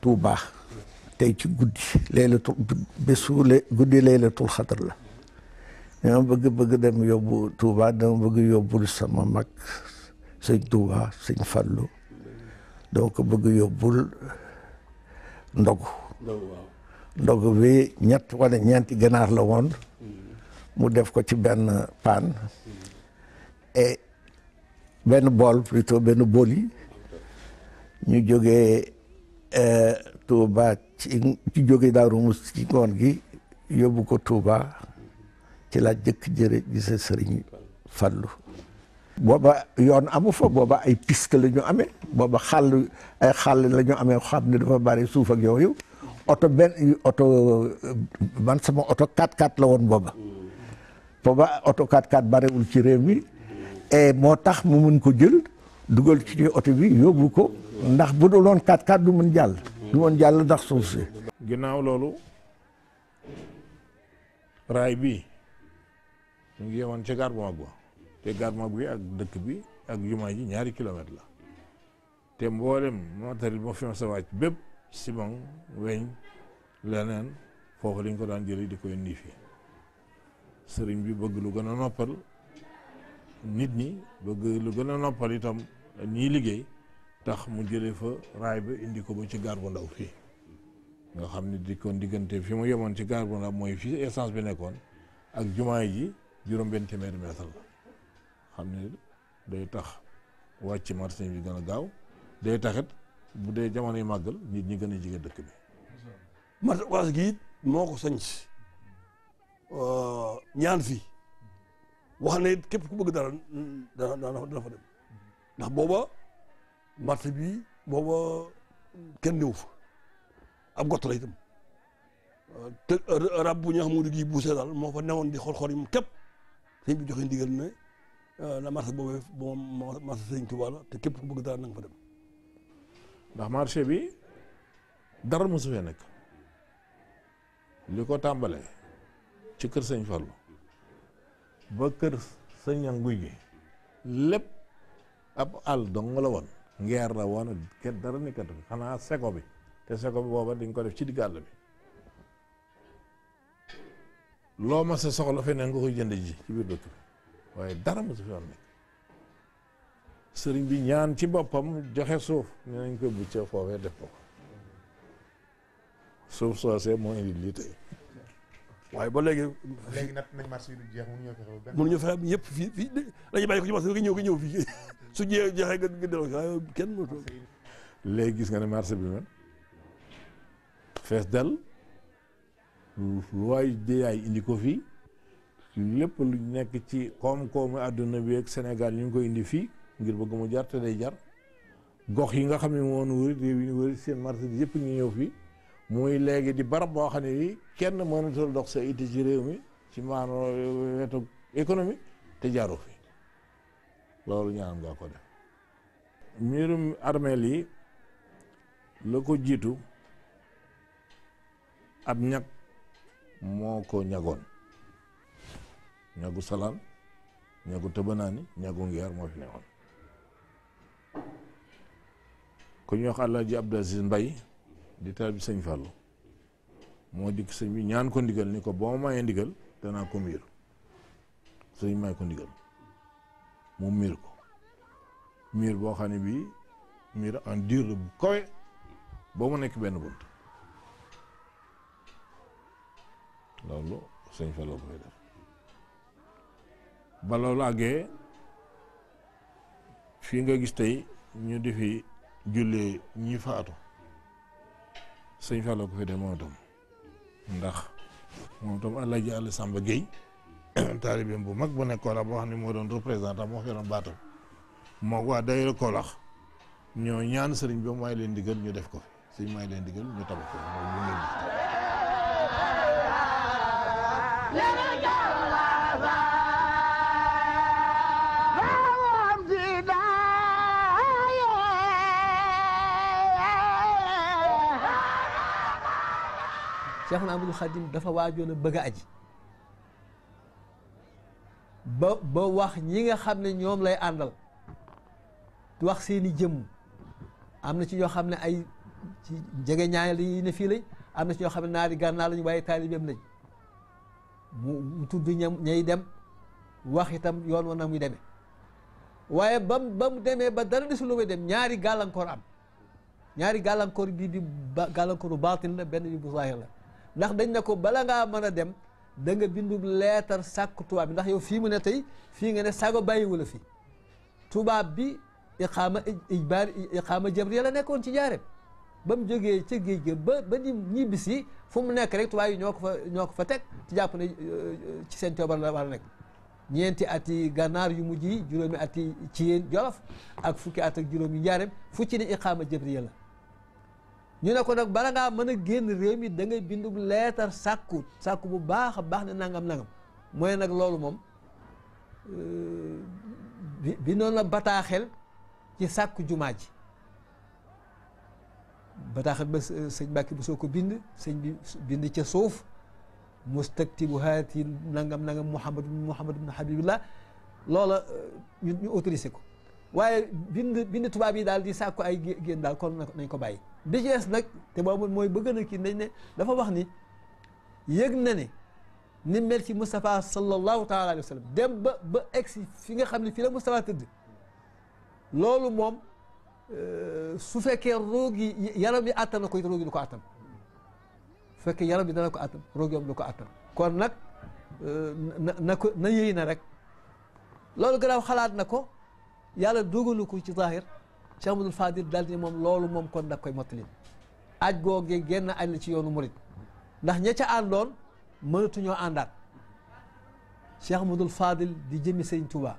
Touba tey ci guddi laylatul bésu guddi laylatul xadar la dama bëgg bëgg dem yóbbu Touba dama bëgg yóbbul sama mag sëñ Touba sëñ Fallou donc bëgg yóbbul ndogu ndogu bi ñett wala ñeenti ganaar la woon mu def ko ci benn paan et benn bool plutôt benn bool ñu jógee Eh, Touba ci ci jóge Daaru Musti ci ngoon gi yóbbu ko Touba ci la jëkk jëre gise sëriñ Fallu booba yoon amu fa booba ay piste la ñu amee booba xàll ay xàll la ñu amee xam ne dafa bari suuf ak yooyu oto benn oto man sama oto 4x4 la woon booba booba oto 4x4 bariwul ci réew mi et eh, moo tax mu mën ko jël dugal ci oto bi yóbbu ko ndax bu dul woon kat kat du mën jàll. du mën jàll ndax suuf si. ginnaaw loolu raay bi mu ngi yemoon ca gare bu mag ba te gare bu bi ak dëkk bi ak jumaa ji ñaari kilomètre la te mboolem matériel bi ma fi ma sa wàcc bépp ciment weñ leneen foofu lañ ko daan jëlee di ko indi fii sëriñ bi bëgg lu gën a noppal nit ñi bëgg lu gën a noppal itam ñiy liggéey. tax mu jële fa raay bi indi ko ba ci gaar bu ndaw fii nga xam ne di kon diggante fi mu yemoon ci gaar bu ndaw mooy fii essence bi nekkoon ak jumaa ji juróom-benn téeméeri mètre la xam ne day tax wàcc marché bi gën a gaaw day taxit bu dee jamono yi màggal nit ñi gën a jige dëkk bi. marché Ocass gi it moo ko sañc euh, ñaan fii wax ne képp ku bëgg dara dana dana fa dem ndax booba. marché bii booba kenn néew fa ab gott la itam te rab bu ñax xam ne gii buuse daal moo fa newoon di xor-xor yi mu képp sëñ bi joxe ndigal ne euh, la marché boobu moom marché sëñ Tuubaa la te képp ku bëgg dara na nga fa dem. ndax marché bi dara mosu fee nekk li ko tàmbalee ci kër sëñ Fallou ba kër sëñ Ñaŋ Guy gi lépp ab àll dong la woon. ngeer la woon kenn dara nekkatu fi xanaa sego bi te seko bi booba dañ ko def ci digg àll bi loo ma sa soxla feneen nga koy jënd ji ci biir dëkk waaye dara ma su fi sëriñ bi ñaan ci boppam joxe suuf ne nañ koy buccee foofee def ko suuf soosee moo indi lii waaye ba léegi. léegi nag nañ marché yi du jeex mënuñoo fexe ba. mënuñoo fexe yëpp fii fii dañuy bàyyi ko ci marché bi nga ñëw nga ñëw fii su jeexee jeexee nga nga delloo waaye kenn mënatoo. léegi gis nga ne marché bi man fees dal lu waay deyaay indi ko fii lépp lu nekk ci koom-koomu àdduna bi ak Sénégal ñu ngi koy indi fii ngir bëgg mu jar te day jar gox yi nga xam ne moom wëri réew yi wëri seen marché bi yëpp ñu ñëw fii. muy léegi di barab boo xam ne kenn mënatul dox sa itte ci réew mi ci maanaam wetu économie te jaaroo fi loolu ñaanam nga ko def mbirum armeel yi la ko jiitu ab ñag moo ko ñagoon ñagu salaan ñagu tëbanaani ñagu ngeer moo fi newoon ku ñu wax Alaaji Abdu Asiis Mbay di taal bi sëñ Fallou moo dikk sëñ bi ñaan ko ndigal ni ko boo ma mayee ndigal danaa ko miir sëñ may ko ndigal mu miir ko miir boo xam ne bii miir en dur bu kawe ba mu nekk benn bunt loolu sëñ Fallou koy def ba loolu àggee fii nga gis tey ñu di fi jullee ñi ato sëñ Fallou ko fi de moom itam ndax moom itam Alaaji Àlla Samba Guèye taalibeem bu mag bu nekk Kolax boo xam ne moo doon représentant moo fi doon baatam moo waa daayira Kolax ñoo ñaan sëriñ bi mooy leen digal ñu def ko fi sëñ mooy leen digal ñu tabax ko moom ñu Cheikhuna Ahmadul Xadim dafa waajoon a bëgg a aji ba ba wax ñi nga xam ne ñoom lay àndal wax seeni jëmm am na ci ñoo xam ne ay ci jege ñaayal yi ne fii lañ am na ci ñoo xam ne naari gànnaar lañ waaye taalibeem lañ mu tudd ñam ñay dem wax itam yoon wa na muy demee waaye ba mu ba mu demee ba dara desul muy dem ñaari gàllankoor am ñaari gàllankoor bii bi gàllankooru baatin la benn bi bu zaahir la ndax dañ ne ko bala ngaa mën a dem da nga bindu leetar sàkku tubaab bi ndax yow fii mu ne tey fii nga ne sago bàyyiwu la fi tubaab bi iqaama ijbaar iqaama jamriya la nekkoon ci jaareem ba mu jógee ci géej ga ba ba ni ñibbisi fu mu nekk rek tubaab yi ñoo ko fa ñoo ko fa teg ci jàpp ne euh, ci seen coobar la war a nekk ñeenti ati gànnaar yu mujj yi juróomi ati ci yéen jolof ak fukki at ak juróom juróomi njaareem fu ci ne iqaama jamriya la ñu ne ko nag bala ngaa mën a génn réew mi da ngay bindu leetar sàkku sàkku bu baax a baax ne nangam nangam mooy nag loolu moom euh, bi bi la bataaxel ci sàkku jumaa ji bataaxel ba sëñ Mbàkke bu soo ko bind sëñ bi bind ca suuf mustaktibu haati nangam nangam Muhammad Muhammad ibn Habibillah loola euh, ñu autorisé ko waaye bind bind tubaab yi daal di sàkku ay génn daal kon nañ ko bàyyi bi nag te boobu mooy bëgg na kii dañ ne dafa wax ni yëg na ne ni mel ci Moustapha sallallahu taala alayhi wa dem ba ba egsi fi nga xam ne fii la Moustapha tëdd loolu moom euh, su fekkee roog yaram yi àttan na ko it roog yi du ko àttan su fekkee yaram yi dana ko àttan roog yi du ko àttan kon nag euh, na na ko na rek loolu gannaaw xalaat na ko yàlla dogalu ko ci zaahir Cheikh Amadou Fadil dal moom loolu moom kon da koy mottali aj googee génn aj la ci yoonu murit ndax ña ca àndoon mënatuñoo àndaat Cheikh Amadou Fadil di jëmi Sëriñ Touba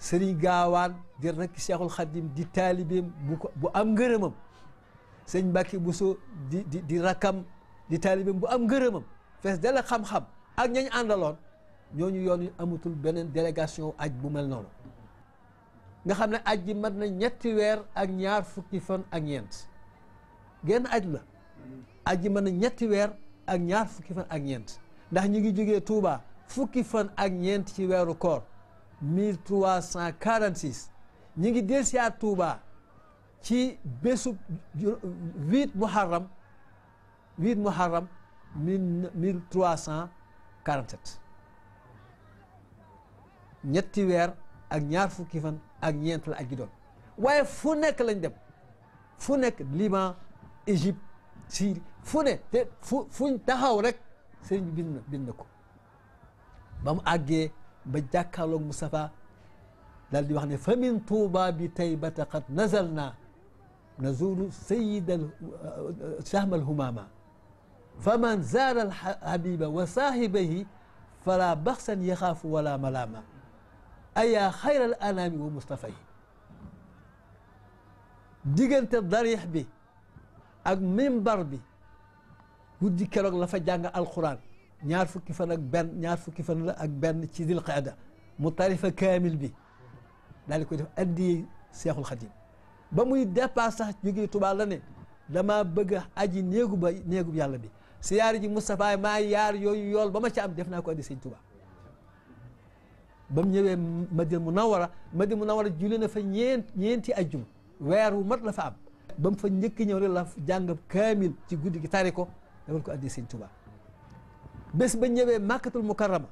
Sëriñ Gaawaan di rakk Cheikhul Khadim di taalibeem bu am ngërëmam sëñ Mbàkke bu di di di rakkam di taalibeem bu am ngërëmam fees dala xam-xam ak ñañ àndaloon ñooñu yoon amatul beneen délégation aj bu mel noonu nga xam ne aj mat na ñetti weer ak ñaar fukki fan ak ñeent genn aj la aj gi mat na ñetti weer ak ñaar fukki fan ak ñeent ndax ñu ngi jógee Touba fukki fan ak ñeent ci weeru koor 1346 ñu ngi delsiyaat Touba ci bésub 8 Muharram 8 Muharram 1347 ñetti weer ak ñaar fukki fan ak ñeent la aj gi doon waaye fu nekk lañ dem fu nekk Liban Égypte Syrie fu ne te fu fuñ taxaw rek sëriñ bi bind na bind na ko ba mu àggee ba jàkkaarloog Moustapha daal di wax ne fa min tuuba bi taybata qad nazal naa nazuru sayidal sahmal humama fa man zaara alhabiba wa saahibahi fala baxsan yaxaafu wala malaama ayaa xayral anaami wa mustafa yi diggante dariix bi ak mimbar bi guddi keroog la fa jàng alquran ñaar fukki fan ak benn ñaar fukki fan la ak benn ci dil qaada mu tarifa kaamil bi daal di koy def addiye seexul xadim ba muy dépasse sax jógee tubaa la ne dama bëgg aji néegu ba néegub yàlla bi siyaari ji Moustapha maa yaar yooyu yool ba ma ca am def naa ko addi sëñ tubaa ba mu ñëwee Madina Munawara Madina Munawara julli na fa ñeent ñeenti ajjuma weer wu mat la fa am ba mu fa njëkk ñëw rek la jàngab kaamil ci guddi gi tari ko dama ko andi Sëñ Tuubaa bés ba ñëwee Màkkatul Mukarrama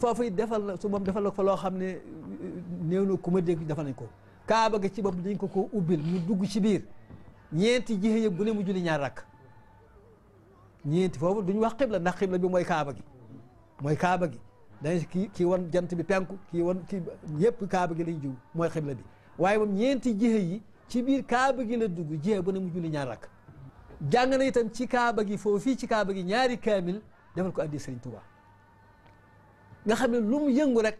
foofu it defal la su moom defal la ko fa loo xam ne néew na ku ma dégg defal nañ ko kaaba gi ci bopp dañ ko ko ubbil mu dugg ci biir ñeenti ji yëpp bu ne mu julli ñaar rakk ñeenti foofu duñu wax xibla ndax xibla bi mooy kaaba gi mooy kaaba gi danga kii kii wan jant bi penku kii wan kii yépp kaaba gi lay jiw mooy xibla bi waaye moom ñeenti jihe yi ci biir kaaba gi la dugg jihe ba ne mu julli ñaar rakk jàng na itam ci kaaba gi foofii ci kaaba gi ñaari kaamil defal ko addi Sëriñ Tuubaa nga xam ne lu mu yëngu rek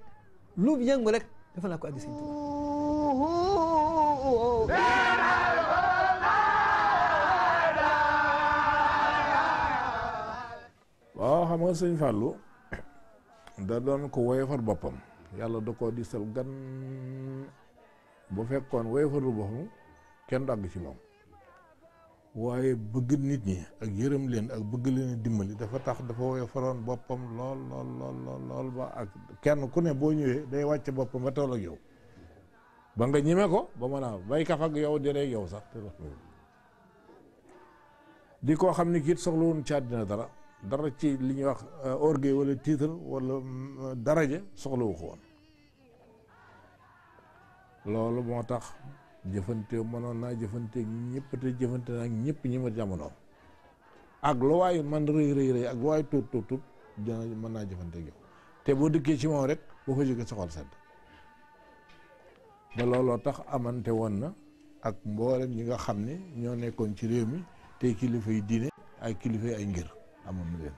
lu mu yëngu rek defal naa ko addi Sëriñ Tuubaa waaw xam nga sëñ Fallou da doon ko woyofal boppam yàlla da koo diisal gan bu fekkoon woyofalu boppam kenn du ci moom waaye bëgg nit ñi ak yërëm leen ak bëgg leen dimbali dafa tax dafa woyofaloon boppam lool lool lool lool ba ak kenn ku ne boo ñëwee day wàcce boppam ba toll yow ba nga ñime ko ba mën a bay kaf yow di yow sax di koo xam ni kiit soxla woon ci àddina dara dara ci li ñuy wax euh, orgue wala titre wala mm, euh, daraja soxlawu ko woon loolu moo tax jëfante mënoon naa jëfante ñëpp te jëfante nag ñëpp ñi ma jamonoom ak lu waayu man rëy rëy rëy ak lu waayu tuut tuut tuut dina mën naa jëfante yow te boo dikkee ci moom rek boo ko jógee soxal sedd ba looloo tax amante woon na ak mboolem ñi nga xam ni ñoo nekkoon ci réew mi te kilifa yi diine ay kilifa yi ay ngir amoon na leen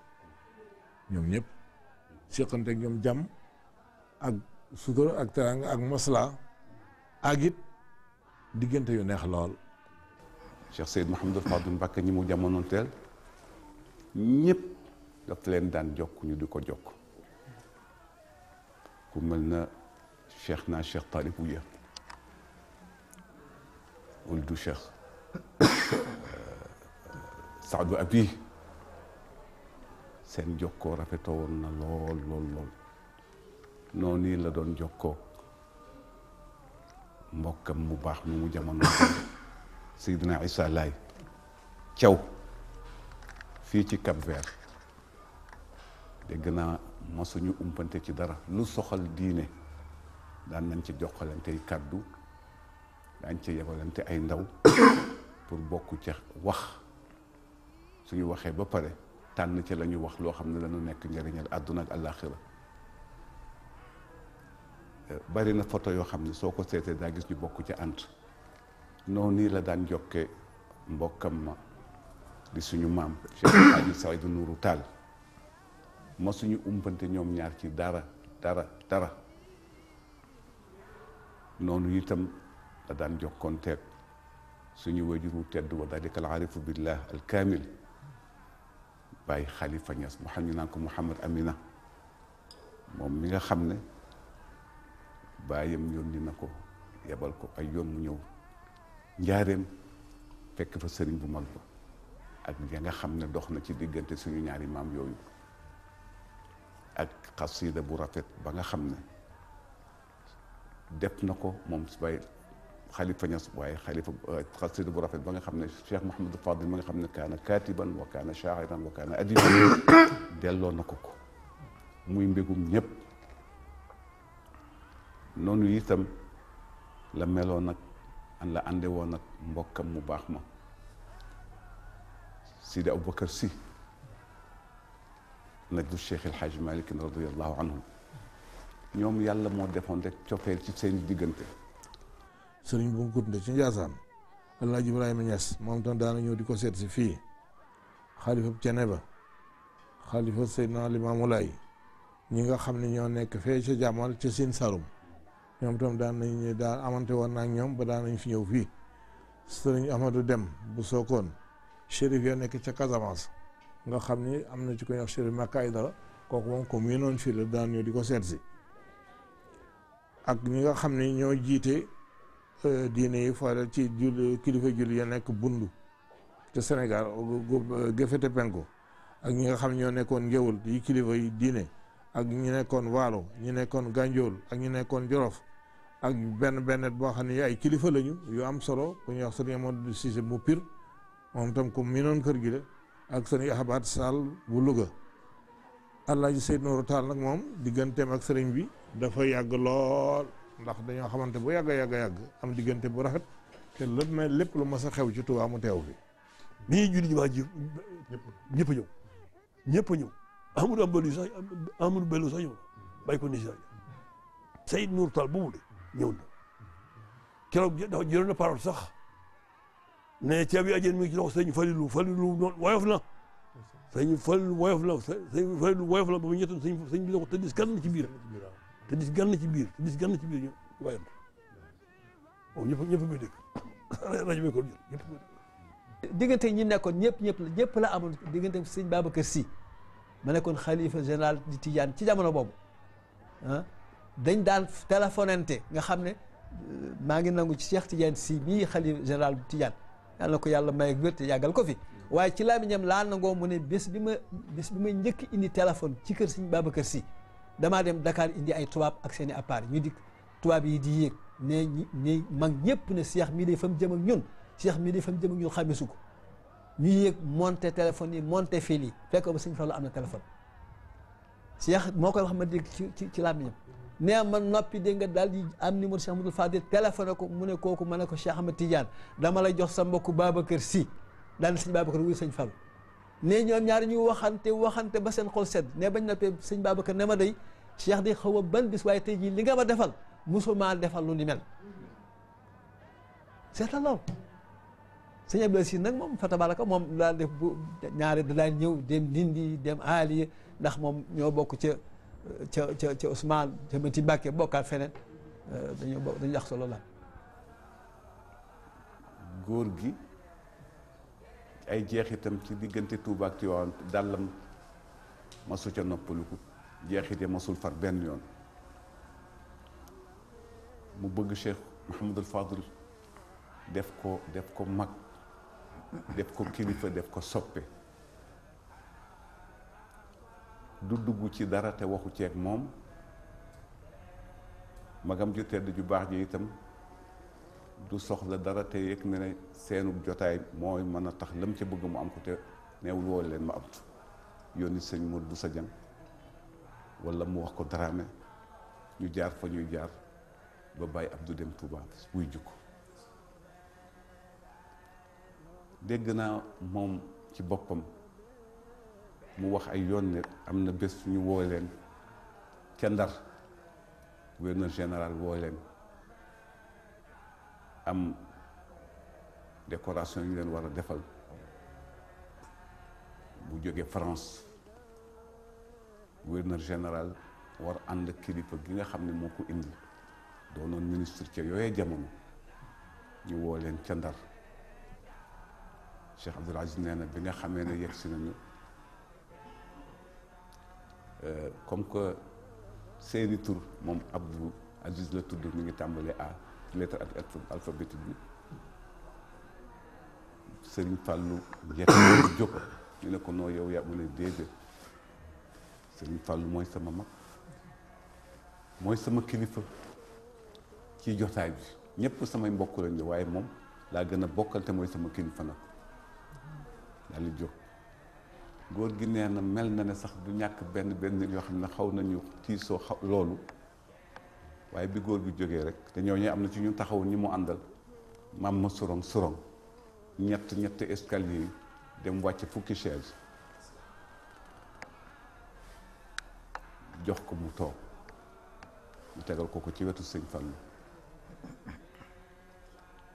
ñoom ñëpp seqante ñoom jàmm ak sutura ak teranga ak masla ak diggante yu neex lool Cheikh Seyd Mahamadou Fadou Mbacké ñi mu jamono teel ñëpp daf leen daan jokk ñu di ko jokk ku mel na cheikh naa cheikh Taalib Wuya wul du cheikh euh, Saadu Abi seen jokkoo rafetoo woon na lool lool noonu la doon jokkoo mbokkam mu baax mi mu jamono Seydina Issa Laye caw fii ci Cap Vert dégg naa ma suñu umpante ci dara lu soxal diine daan nañ ci joxalante kàddu daañ ci yebalante ay ndaw pour bokk ca wax suñu waxee ba pare tànn ci la wax loo xam ne dana nekk njariñal àdduna ak àllaaxira bari na photo yoo xam ne soo ko seetee daa gis ñu bokk ci ant noonu nii la daan jokkee mbokkam ma di suñu maam Cheikh Hadji Seydou Nourou Tall ma suñu umpante ñoom ñaar ci dara dara dara noonu itam la daan jokkoonteeg suñu wajuru tedd wa dalika al arifu billah Baye Khalifa Niass mu xam ñu naan ko Mouhamad Amina moom mi nga xam ne baayam yónni na ko yebal ko ay yoon mu ñëw njaareem fekk fa sëriñ bu mag ba ak ya nga xam ne dox na ci diggante suñu ñaari maam yooyu ak xasida bu rafet ba nga xam ne def na ko moom si Baye xalifa Ñas waaye xalifa euh, xasida bu rafet ba nga xam ne Cheikh Mouhamadou Fadil ma nga xam ne kaana kaatiban wa kaana shaa'iran wa kaana adiban delloo na ko ko muy mbégum ñëpp noonu itam la meloon nag an la ànde woon nag mbokkam mu baax ma Sidi Aboubacar Sy nag du Cheikh El Hadj Malick radiyallahu anhu ñoom yàlla moo defoon rek cofeel ci seen diggante sëriñ bu mu kutnde ci Njaasaan Alaaji Ibrahima Ñas moom tam daana ñëw di ko seet si fii xalifa cene ba xalifa Seydina Limaamu Laay ñi nga xam ne ñoo nekk fee ca jàmmal ca Siin Saalum ñoom tam daan nañ daan woon naa ñoom ba daan nañ fi ñëw fii sëriñ Ahmadou Dem bu Sookoon chérif ya nekk ca Casamance nga xam ni am na ci ko ñuy wax chérif Makka Aydara kooku moom ko di ko seet si ak ñi nga xam ne ñoo jiite Euh, diine yi foofu ci julli kilifa julli ya nekk bundu te Sénégal géfete euh, penko ak ñi nga xam ñoo nekkoon ngéwul yi kilifa yi diine ak ñu nekkoon waalo ñu nekkoon gànjool ak ñu nekkoon jolof ak benn benn boo xam ne ay kilifa lañu yu am solo ku ñuy wax sëriñ Amadou Cissé bu Pire moom tam ku miinoon kër gi la ak sëriñ Ahabaat Sall bu Louga Alaaji Seydou Nourou Tall nag moom digganteem ak sëriñ bi dafa yàgg lool ndax dañoo xamante boo yàgg a yàgg a yàgg am diggante bu rafet te lépp na lépp lu ma a xew ci Tuubaa mu teew fi bi ñuy julli ji baa ji ñëpp a ñëw ñëpp a ñëw Amadou Ambali sax Amadou Bello sax ñëw na bàyyi ko ni sax Seydou Nour Tall boobu de ñëw na ne ceeb yi ajeen mi ngi ci loxo sëñ Falilou Falilou noonu woyof na sëñ Falilou woyof woyof na ba mu ñettoon sëñ sëñ bi ne ko tëddis kan ci biir te dis gan ci biir te dis gan na ci biir ñu waayoon moom ñi nekkoon ñëpp ñëpp la ñëpp la amoon diggante sëñ Babacar Sy ma nekkoon xalifa di Tijaan ci jamono boobu ah, dañ daan téléphonante nga xam ne euh, maa ngi nangu ci Cheikh Tidiane Sy mii xalifa général bu Tijaan yàlla na ko yàlla may ak te yàggal ko fi waaye ci làmmiñam laa nangoo mu ne bés bi ma bis bi ma njëkk indi téléphone ci kër sëñ Babacar Sy damaa dem Dakar indi ay tubaab ak seen i ñu di tubaab yi di yéeg ne ñi mag ñëpp ne Cheikh mii day fa mu jëm ak ñun Cheikh mii day fa mu jëm ak ñun xamisu ko ñu yéeg monté téléphone yi monte fil yi fekk ba Sëñ Fallu am na téléphone Cheikh moo koy wax ma dégg ci ci ci làmmiñam nee man noppi dégg nga daal di am numéro Cheikh Amadou Fadil téléphoné ko mu ne kooku ma ne ko Cheikh ma Tidiane dama lay jox sa mbokku Babacar Sy daal di sëñ Babacar wuy sëñ Fallu ne ñoom ñaar ñu waxante waxante ba seen xol sedd ne bañ noppee sëñ Babacar ne ma day Cheikh di xaw a ban bis waaye tey jii li nga ma defal musuma defal lu ni mel seeta lool sëñ Abdou Aziz nag moom fa moom daal def bu ñaare da ñëw dem Ndindi dem Aliya ndax moom ñoo bokk ca ca ca ca Ousmane ca Mati Mbàkke bokkaat feneen euh, dañoo dañu jax solo la góor gi ay jeexitam ci diggante Touba ak Tiwaawan dàllam masu ca noppaliku jeexite masul far benn yoon mu bëgg Cheikh Mouhamadul Fadul def ko def ko mag def ko kilifa def ko soppe du dugg ci dara te waxu ceeg moom magam ju tedd ju baax ji itam du soxla dara te yëg na ne seenu jotaay mooy mën a tax lam ca bëgg mu am ko te neewul woo leen ma am yónni sëñ Modou Bousso Dieng wala mu wax ko Dramé ñu jaar fa ñuy jaar ba bàyyi Abdou dem Touba buy jukko dégg naa moom ci boppam mu wax ay yoon am na bés ñu woo leen ca Ndar gouverneur général woo leen am décoration yu leen war a defal bu jóge France gouverneur général war ànd kilifa gi nga xam ne moo ko indi doonoon ministre ca yooyee jamono ñu woo leen ca Ndar Cheikh Abdoul Aziz nee na bi nga xamee ne yegg si nañu euh, comme que seeni tur moom Abdou Aziz la tudd mu ngi tàmbale a lettre ak alphabétique bi Sëriñ Fàllu njëkk jóg ñu ne ko noo yow yaa mu ne déedéet Sëriñ Fàllu mooy sama mag mooy sama kilifa ci jotaay bi ñëpp samay mbokk lañ waaye moom laa gën a bokkalte mooy sama kilifa nag daal di jóg góor gi nee na mel na ne sax du ñàkk benn benn yoo xam ne xaw nañu tiisoo xaw loolu waaye bi góor gi jógee rek te ñoo ñooñu am na ci ñu taxaw ñi mu àndal am ma sorong sorong ñett ñett escalier yi dem wàcc fukki chaise jox ko mu toog ñu tegal ko ko ci wetu sëñ Fallu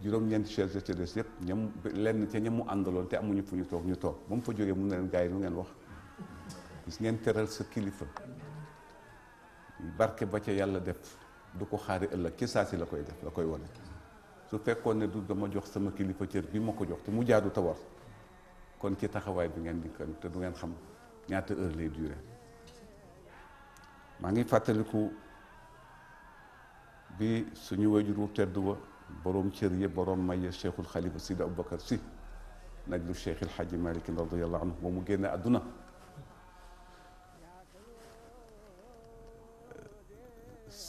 juróom-ñeenti chaise ca des yëpp ñam lenn ca ñam mu àndaloon te amuñu fu ñu toog ñu toog ba mu fa jógee mun na leen gars yi lu ngeen wax gis ngeen teral sa kilifa barke ba ca yàlla def du ko xaari ëllëg ci saa si la koy def la koy wane su fekkoon ne du dama jox sama kilifa cër bi ma ko jox te mu jaadu tawar kon ci taxawaay bi ngeen di te du ngeen xam ñaata heure lay duré maa ngi fàttaliku bi suñu wajur wu tedd wa boroom cër yi boroom maye cheikhul xalifa Sidi Aboubacar si najlu cheikh El Hadji Malick radiyallahu anhu ba mu génne àdduna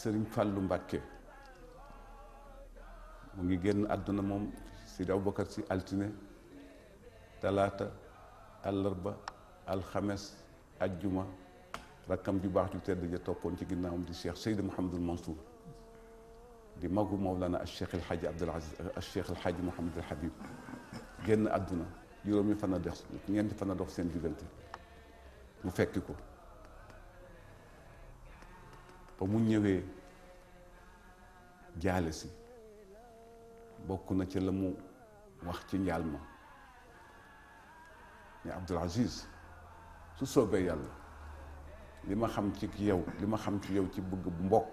sëriñ fàllu mbàkke mu ngi génn àdduna moom sidi abubakar si altine talaata àllarba alxames ajjuma rakkam ju baax ju tedd ja toppoon ci ginnaawam di cheikh seydi mouhamadul mansour di magu mawlana al cheikh alxaaji abdul aziz al eh, cheikh alxaaji mouhamadul habib génn àdduna juróomi fan a dox ñeenti fan a dox seen diggante mu fekki ko mu ñëwee jaale si bokk na ci la mu wax ci njaal ma ne Abdul Aziz su soobee yàlla li ma xam ci yow li ma xam ci yow ci bëgg bu mbokk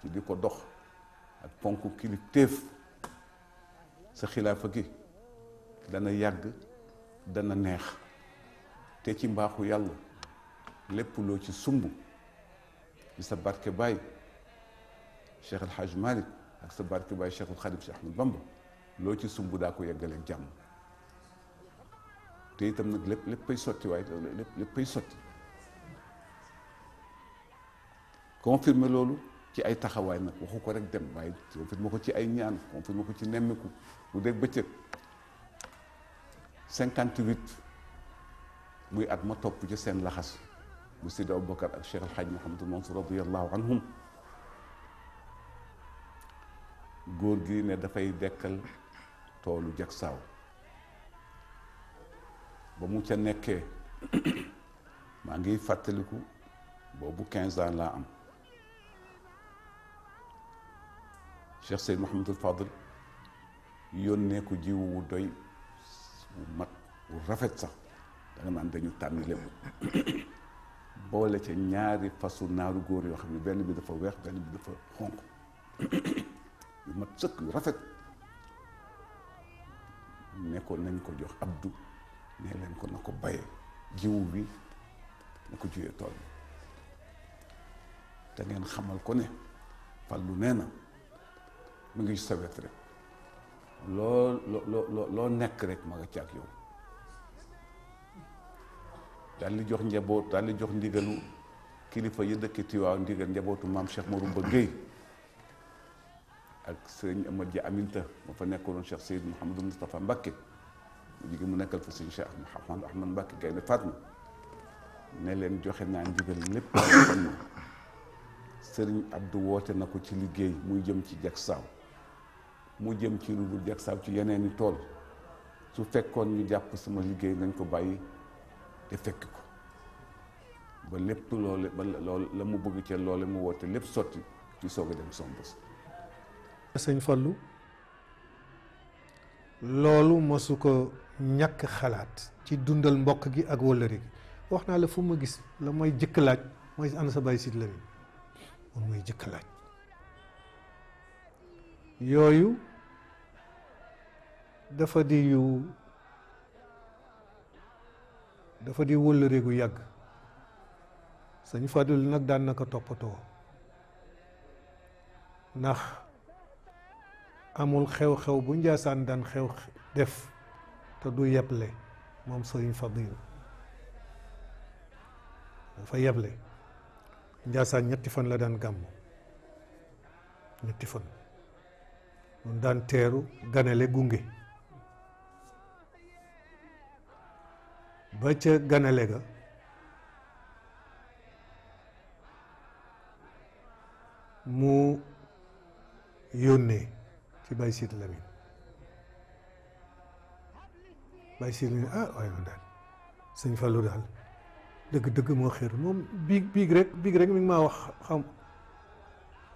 ci di ko dox ak ponk kilif téef sa xilaafa gi dana yàgg dana neex te ci mbaaxu yàlla lépp loo ci sumb ci sa barke baay Cheikh El Hadj Malick ak sa barke baay Cheikhul Xadim Cheikh Ahmadou Bamba loo ci sumb daa ko yeggaleeg jàmm te itam nag lépp léppay sotti waaye lépp léppay sotti confirmer loolu ci ay taxawaay nag waxu ko rek dem waaye confirmer ko ci ay ñaan confirmer ko ci nemmiku bu dee bëccëg cinquante huit muy at ma topp ci seen laxas bu Sidi Aboubacar ak Cheikh Alhaj Mouhamadou Mansour radiyallahu anhum góor gi ne dafay dekkal toolu jagsaaw ba mu ca nekkee maa ngi fàttaliku boobu quinze ans laa am Cheikh Seyd Mouhamadul Fadil yónnee ko jiwu wu doy wu mag wu rafet sax danga naan dañu tànn lépp boole ca ñaari fasu naaru góor yoo xam ne benn bi dafa weex benn bi dafa xonq mat sëkk yu rafet ne nañ ko jox Abdou ne leen ko na ko baye jiwu bi na ko jiyee tool bi te ngeen xamal ko ne Fallou nee na mu ngi sa wet rek loo loo loo nekk rek ma nga ci ak yow daal di jox njaboot daal di jox ndigalu kilifa yi dëkk Tiwaawan ndigal njabootu maam Cheikh Maroumba Guèye ak sëñ Amad Dia Aminta ma fa nekkaloon Cheikh Seyd Mouhamadou Moustapha Mbacke mu jigi mu nekkal fa sëñ Cheikh Mouhamadou Ahmad Mbacke Gaynde Fatma leen joxe naa ndigal lépp xam na sëriñ woote na ko ci liggéey muy jëm ci jag saaw mu jëm ci lu dul ci yeneen ci tool su fekkoon ñu jàpp sama liggéey nañ ko bàyyi te fekk ko ba lépp loole ba lool la mu bëgg ca loole mu woote lépp sotti ci sog a dem sombos sëñ Fallu loolu mosu ko ñàkk xalaat ci dundal mbokk gi ak wëllëri gi wax naa la fu ma gis la mooy jëkk laaj mooy ana sa bàyyi Sidy Lamine moom mooy jëkk laaj yooyu dafa di yu dafa di wëllëri gu yàgg sëñ Fadul nag daan na ko toppatoo ndax amul xew-xew bu njaasaan daan xew def te du yeble moom sëriñ Fadil dafa yeble njaasaan ñetti fan la daan gàmmu ñetti fan mun daan teeru ganale gunge ba ca ganale ga mu yónnee ci Baye Sidi Lamine Baye Sidi Lamine ah waaye man daal sëñ Fallou daal dëgg-dëgg moo xéer moom biig biig rek biig rek mi ngi maa wax xam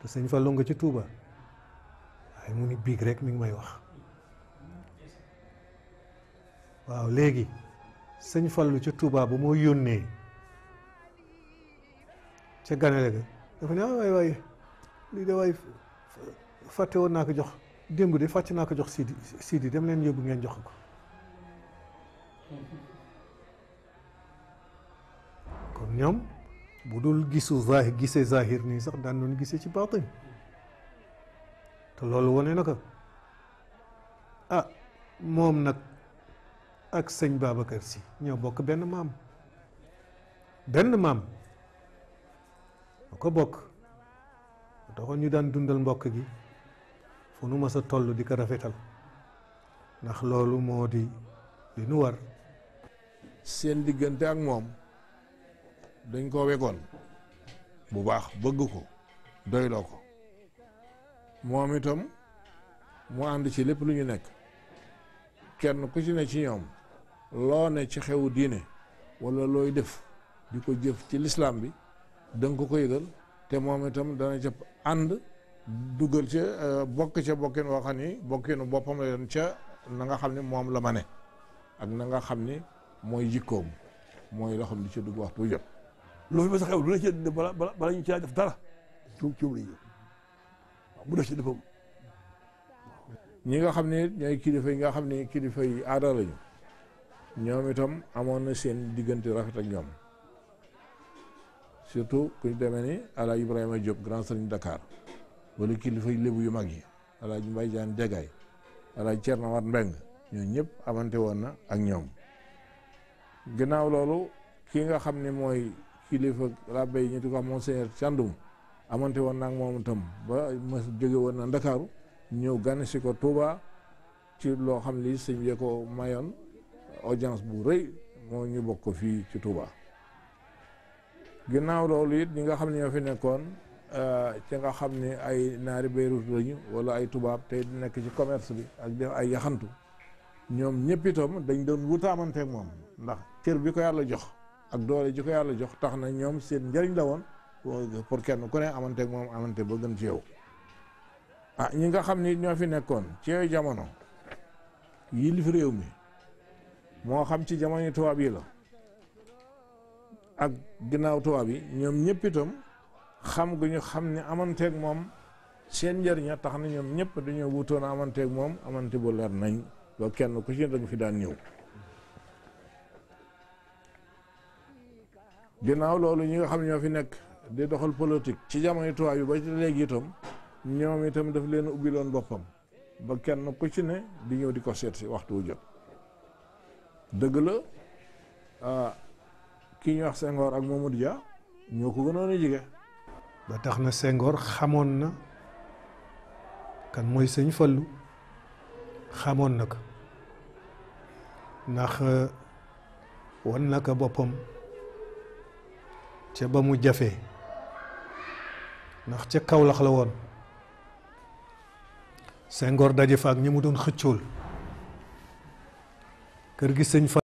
te sëñ Fallou nga ci Touba mu ni biig rek mi ngi may wax waaw léegi sëñ Fallou ci Touba ba moo yónnee ca ganale ga dafa ne ah waay lii de waay fàtte woon naa ko jox démb de fàcc naa ko jox Sidi Sidi dem leen yóbbu ngeen jox ko kon ñoom bu dul gisu zahir gisee zahir nii sax daan doon gisee ci baatin te loolu wane na ko ah moom nag ak sëñ Babacar si ñoo bokk benn maam benn maam ñoo ko bokk taxoon ñu daan dundal mbokk gi fu nu mës a toll di ko rafetal ndax loolu moo di li nu war seen diggante ak moom dañ ko wegoon bu baax bëgg ko doyloo ko moom itam mu ànd ci lépp lu ñu nekk kenn ku ci ne ci ñoom loo ne ci xewu diine walla looy def di ko jëf ci lislaam bi dañ ko ko yëgal te moom itam dana jëpp ànd dugal ca euh, bokk ca bokkin woo xam ni bokkinu boppam la ca nanga xam ni moom la ma ne ak na nga xam ni mooy jikkoom mooy loo xam ni ca dugg waxtu jot loolu ma sa xew lu caa def dara cuub cuub lañu ci defam ñi nga xam ne ñooy kilifa yi nga xam ne kilifa yi aada lañu ñoom itam amoon na seen diggante rafet ak ñoom surtout ku ñu demee ni Ala Ibrahima Diop grand sëriñ Dakar wala kilifa yu yu mag yi alaaji Mbay Jaan Jagaay alaaji Cerno Wat Mbeng ñoo ñëpp amante woon na ak ñoom gannaaw loolu ki nga xam ni mooy kilifa làbbe yi ñu di ko wax monseigneur amante woon na moom itam ba ma jóge woon na Ndakaaru ñëw gan si ko Touba ci loo xam li sëñ bi ko mayoon audience bu rëy moo ñu bokk fii ci Touba ginnaaw loolu it ñi nga xam ne ñoo fi nekkoon Euh, ca nga xam ne ay naari Beirut lañu wala ay tubaab tey nekk ci commerce bi ak yaxantu ñoom ñëpp itam dañ doon wutaamanteeg moom ndax cër bi ko yàlla jox ak doole ji yàlla jox tax na ñoom seen njëriñ la woon pour kenn ku ne amanteeg moom amante ba gën ci yow ah ñi nga xam ni ñoo fi nekkoon ci yooyu jamono yilif réew mi moo xam ci jamono tubaab yi la ak ginnaaw tubaab yi ñoom ñëpp itam xam gu ñu xam ne amanteeg moom seen njëriña tax na ñoom ñëpp dañoo wutoon amanteeg moom amante bu leer nañ ba kenn ku ci danga fi daan ñëw ginnaaw loolu ñi nga xam ñoo fi nekk di doxal politique ci jamono tubaab yi ba ci léegi itam ñoom itam daf leen ubbi loon boppam ba kenn ku ci ne di ñëw di ko seet si waxtu wu jot dëgg la ah, kii ñu wax sengoor ak Mamadou Dia ñoo ko gënoon a jige ba tax na Senghor xamoon na kan mooy sëñ Fallu xamoon na ko ndax eh, wan na ko boppam ca ba mu jafee ndax ca Kawlax la woon Senghor daje fa ak ñi mu doon xëccool kër gi sëñ Fallu